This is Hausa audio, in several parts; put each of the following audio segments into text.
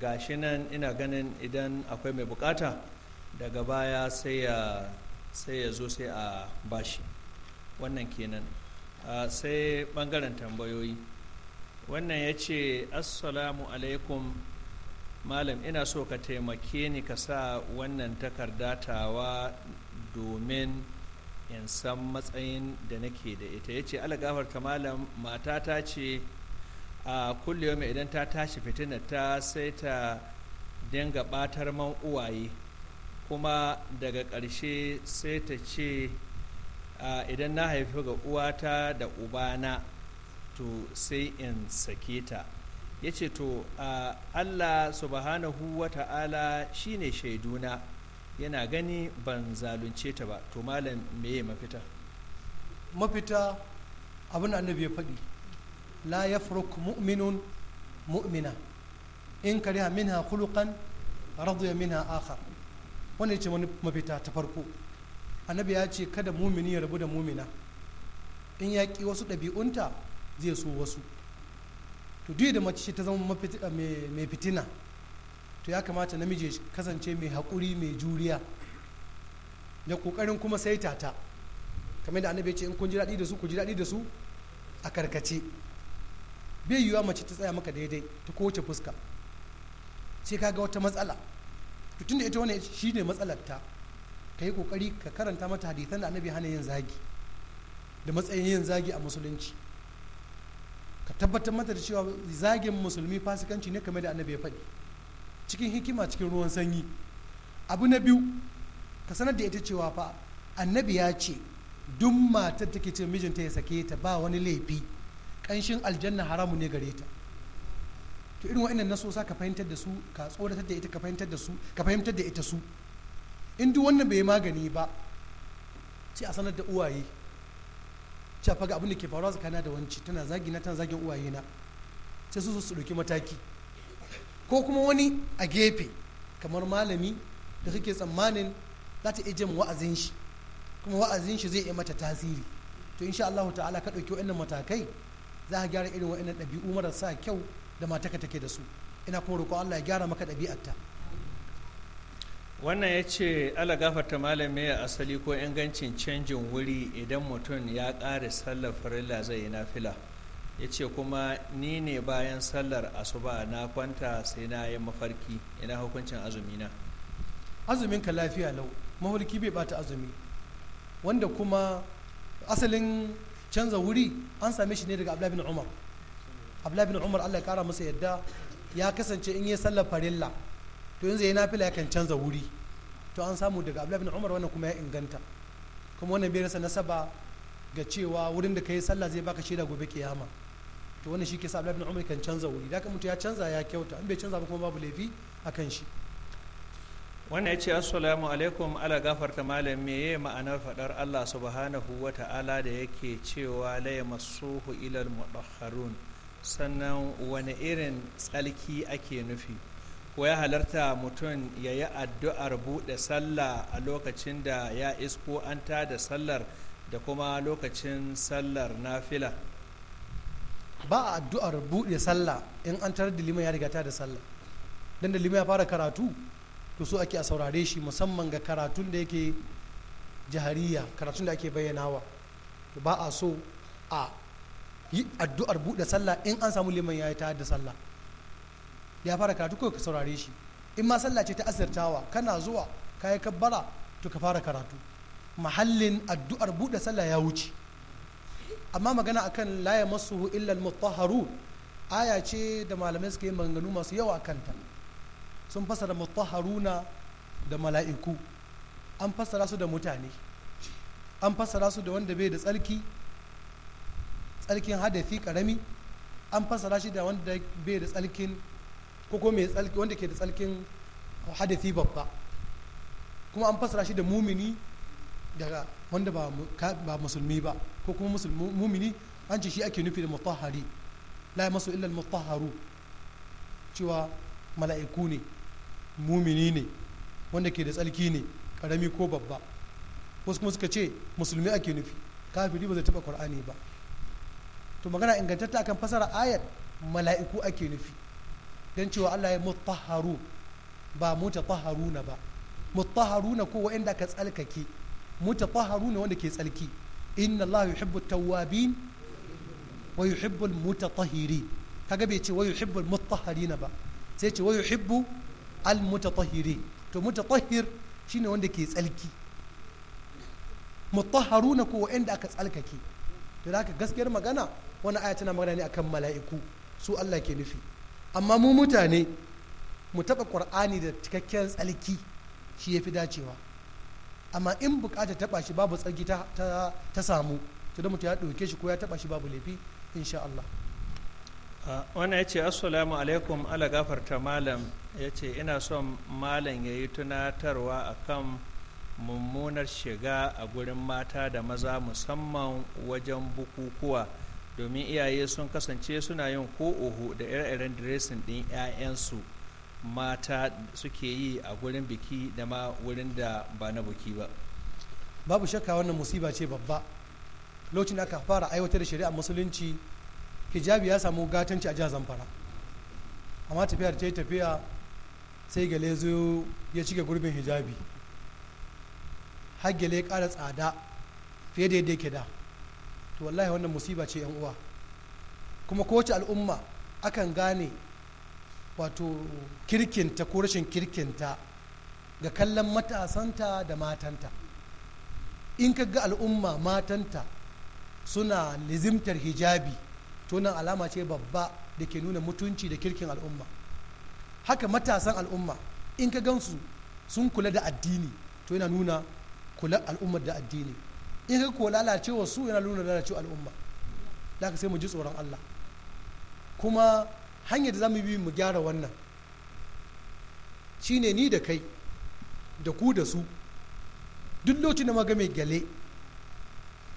gashi nan ina ganin idan akwai mai bukata daga baya sai ya sai zo sai a bashi wannan kenan sai bangaren tambayoyi wannan ya ce assalamu alaikum malam ina so ka taimake ni ka sa wannan takardatawa domin in san matsayin da nake da ita ya ce alagafarta malam matata ce a kullum idan ta tashi fitina ta sai ta dinga batar man uwaye kuma daga ƙarshe sai ta ce idan na haifi ga uwata da ubana to sai in sake ta ya ce to allah subhanahu wa ta'ala shi ne shaiduna yana gani ban zalunce ta ba to malam meye mafita mafita abin annabi ya faɗi la yafruk mu'minun mu'mina in kariha minha khuluqan radiya minha akhar wannan ce wani mafita ta farko annabi ya ce kada mumini ya rabu da mumina in ya ki wasu ɗabi'unta zai so wasu to duk da mace ta zama mai fitina to ya kamata namiji ya kasance mai haƙuri mai juriya da ƙoƙarin kuma saita ta kamar da annabi ya ce in kun ji daɗi da su ku ji daɗi da su a karkace bai yiwuwa mace ta tsaya maka daidai ta kowace fuska sai ka ga wata matsala to da ita wani shi matsalar ta ka yi kokari ka karanta mata hadithan da annabi hana yin zagi da matsayin yin zagi a musulunci ka tabbatar mata da cewa zagin musulmi fasikanci ne kamar da annabi ya faɗi cikin hikima cikin ruwan sanyi abu na biyu ka sanar da ita cewa fa annabi ya ce duk matar take ce mijinta ya sake ta ba wani laifi Kanshin aljanna haramu ne gare ta to irin wa'annan nasosa ka fahimtar da su ka tsoratar da ita ka fahimtar da su ka fahimtar da ita su in duk wannan bai magani ba sai a sanar da uwaye cewa faga abin da ke faruwa tsakanin da wanci tana zagi na tana zagin uwaye na sai su su ɗauki mataki ko kuma wani a gefe kamar malami da suke tsammanin za ta iya wa'azin shi kuma wa'azin shi zai iya mata tasiri to insha Allah ta'ala ka ɗauki wa'annan matakai za a gyara irin wa'in ɗabi'u marasa kyau da ka take da su ina kuma roƙo Allah ya gyara maka ɗabi'arta wannan ya ce ala gafarta malami a asali ko ingancin canjin wuri idan mutum ya ƙare sallar farilla zai yi nafila ya ce kuma ni ne bayan sallar asuba na kwanta sai na yi mafarki ina hukuncin azumina azumin ka lafiya lau mafarki bai bata azumi wanda kuma asalin canza wuri an same shi ne daga abdullahi bin umar abdullahi bin umar allah ya kara masa yadda ya kasance in ya sallar farilla to yanzu ya nafila ya kan canza wuri to an samu daga abdullahi bin umar wannan kuma ya inganta kuma wannan bai rasa nasaba ga cewa wurin da ka yi sallah zai baka shaida gobe kiyama to wannan shi ke sa abdullahi bin umar kan canza wuri da mutu ya canza ya kyauta in bai canza ba kuma babu laifi a kan shi wannan ya ce assalamu alaikum ala gafarta malam meye ma'anar fadar allah subhanahu wa ta'ala da yake cewa laye masuhu ilal mudahharun sannan wani irin tsalki ake nufi ko ya halarta mutum ya yi addu'ar buɗe sallah a lokacin da ya isko an ta da sallar da kuma lokacin sallar nafila ba a addu'ar buɗe sallah in an tarar da liman ya riga ta da sallah don da liman ya fara karatu to so ake a saurare shi musamman ga karatun da yake jihariya karatun da ake bayyanawa ba a so a yi addu'ar buɗe sallah in an samu liman ya yi ta da sallah ya fara karatu kawai ka saurare shi in ma sallah ce ta asirtawa kana zuwa ka yi kabbara to ka fara karatu mahallin addu'ar buɗe sallah ya wuce amma magana akan la masu illal mutahharu aya ce da malamai suka yi maganganu masu yawa kanta sun fasara mutahharuna da mala'iku an fasara su da mutane an fasara su da wanda bai da tsarki tsarkin hadafi karami an fasara shi da wanda bai da tsalkin ko mai tsarki wanda ke da tsarkin hadafi babba kuma an fasara shi da mumini daga wanda ba musulmi ba ko kuma mumini an ce shi ake nufi da mutahhari la masu illal mutahharu cewa mala'iku ne mumini ne wanda ke da tsalki ne karami ko babba wasu kuma suka ce musulmi ake nufi kafiri ba zai taba qur'ani ba to magana ingantatta akan fasara ayat mala'iku ake nufi don cewa Allah ya mutahharu ba mutahharuna ba mutahharuna ko wa'anda ka tsalkake mutahharuna wanda ke tsalki inna Allah yuhibbu tawwabin wa yuhibbu al kaga bai ce wa yuhibbu al ba sai ce wa yuhibbu al mutatahhiri to mutatahir shine wanda ke tsalki na ko inda aka tsalkake to da gaskiyar magana wani aya tana magana ne akan mala'iku su Allah ke nufi amma mu mutane mu taɓa ƙur'ani da cikakken tsalki shi ya fi dacewa amma in bukata taɓa shi babu tsalki ta samu to da mutu ya ɗauke shi ko ya taɓa shi babu laifi insha Allah wannan ya ce assalamu alaikum ala gafarta malam ya ce ina son malam ya yi tunatarwa akan mummunar shiga a gurin mata da maza musamman wajen bukukuwa domin iyaye sun kasance suna yin ko oho da ire-iren diresin din 'ya'yansu mata suke yi a gurin biki da ma wurin da ba na buki ba babu shakka wannan musiba ce babba lokacin da aka fara aiwatar da shari'a musulunci hijabi ya samu gatanci a jihar zamfara amma tafiyar ta yi tafiya sai gale zo ya cike gurbin hijabi har gale ya kara tsada fiye da yadda yake da to wallahi wannan musiba ce yan uwa kuma kowace al'umma akan gane wato kirkinta ko rashin kirkinta ga kallon matasanta da matanta in ka ga al'umma matanta suna lizimtar hijabi tunan alama ce babba da ke nuna mutunci da kirkin al'umma haka matasan al'umma in ka gansu sun kula da addini to yana nuna kula al'ummar da addini in ka kula lalacewa su yana nuna lalacewa al'umma da sai mu ji tsoron Allah kuma hanyar da za mu bi mu gyara wannan shine ni da kai da ku da su duk lokacin da ga mai gyale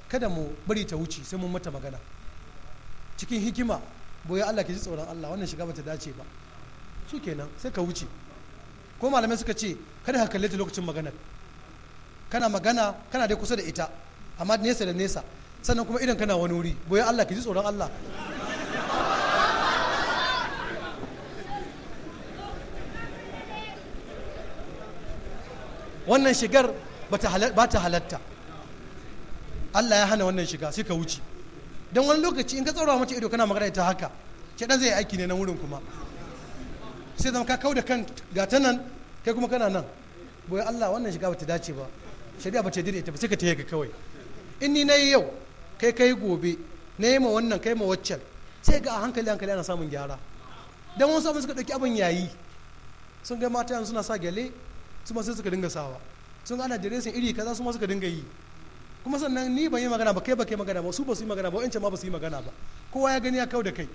kada mu bari ta wuce sai mun mata magana cikin hikima boye Allah ke ji tsoron Allah wannan shiga bata dace ba su kenan sai ka wuce ko malamai suka ce kada ka kalle ta lokacin maganar kana magana kana dai kusa da ita amma nesa da nesa sannan kuma idan kana wani wuri boye Allah ke ji tsoron Allah wannan shigar ba ta halatta Allah ya hana wannan shiga sai ka wuce don wani lokaci in ka tsaura mace ido kana magana ta haka dan zai aiki ne nan wurin kuma sai zama ka da kan gata nan kai kuma kana nan boye Allah wannan shiga bata dace ba shari'a bata dire ta ba sai ka tayi kawai in ni nayi yau kai kai gobe na yi ma wannan kai ma waccan sai ga a hankali hankali ana samun gyara dan wasu abin suka dauki abin yayi sun ga mata yanzu suna sa gyale su ma sai suka dinga sawa sun ga ana diresin iri kaza su ma suka dinga yi kuma sannan ni ban yi magana ba kai ba kai magana ba su ba su yi magana ba wancan ma ba su yi magana ba kowa ya gani ya kau da kai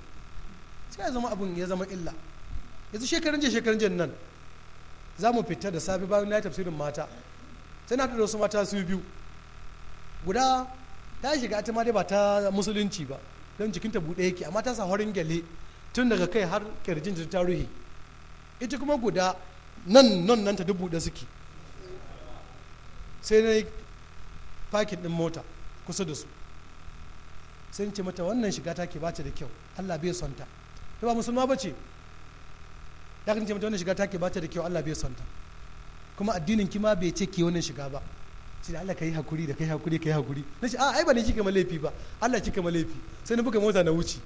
sai ya zama abin ya zama illa yanzu shekarun jiya shekarun jiya nan za mu fita da safe bayan na yi tafsirin mata sai na haɗu da wasu mata su biyu guda ta shiga ita ma dai ba ta musulunci ba don jikinta buɗe yake amma ta sa horin gyale tun daga kai har kirjin ta ruhi ita kuma guda nan nan nan ta dubu da suke sai na fakin din mota kusa da su sai ce mata wannan shiga ta ke bace da kyau allah bai son ta ba musulma ba ce ya kan ce mata wannan shiga ta ke bace da kyau allah bai son ta kuma addinin kima bai ce ki wannan shiga ba sai da allah ka yi hakuri da ka yi hakuri ka yi hakuri na ce a ai ba ne kika laifi ba allah kika laifi sai na buga mota na wuce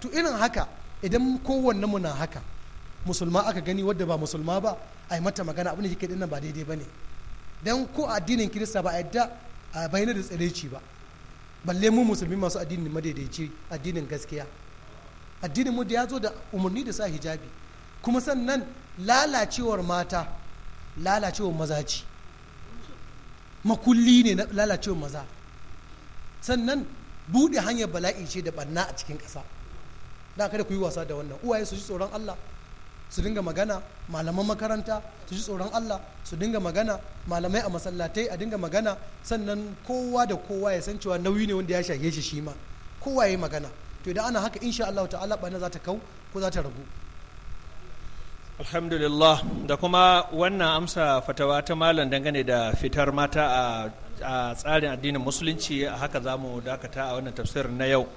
to irin haka idan kowanne mu na haka musulma aka gani wadda ba musulma ba a yi mata magana abin da kike dinnan ba daidai ba ne dan ko addinin kirista ba a yadda a bayyana da tsiraici ba balle mu musulmi masu addinin madaidaici addinin gaskiya addinin mu da ya zo da umarni da sa hijabi kuma sannan lalacewar mata lalacewar maza ce makulli ne na lalacewar maza sannan buɗe hanyar bala'i ce da ɓanna a cikin ƙasa da kada ku yi wasa da wannan uwaye su ji tsoron Allah su dinga magana malaman makaranta su ji tsoron Allah su dinga magana malamai a masallatai a dinga magana sannan kowa da kowa ya san cewa nauyi ne wanda ya shage shi shi ma kowa ya yi magana to idan ana haka insha Allah ta'ala bana za ta kau ko za ta ragu alhamdulillah da kuma wannan amsa fatawa ta malam dangane da fitar mata a tsarin addinin musulunci haka za mu dakata a wannan tafsirin na yau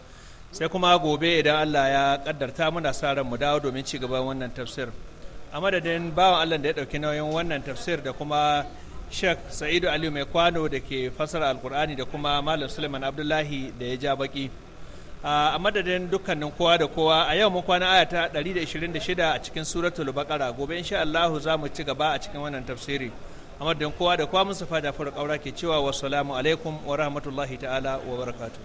sai kuma gobe idan Allah ya kaddarta muna sa ran mu dawo domin ci gaban wannan tafsir a madadin bawan Allah da ya dauki nauyin wannan tafsir da kuma Sheikh Sa'idu Aliyu Mai Kwano da ke fasara Alkur'ani da kuma Malam Suleiman Abdullahi da ya ja baki a madadin dukkanin kowa da kowa a yau mun kwana aya ta 126 a cikin suratul baqara gobe insha Allah za mu ci gaba a cikin wannan tafsiri a madadin kowa da kowa musu safa kaura ke cewa wassalamu alaikum wa rahmatullahi ta'ala wa barakatuh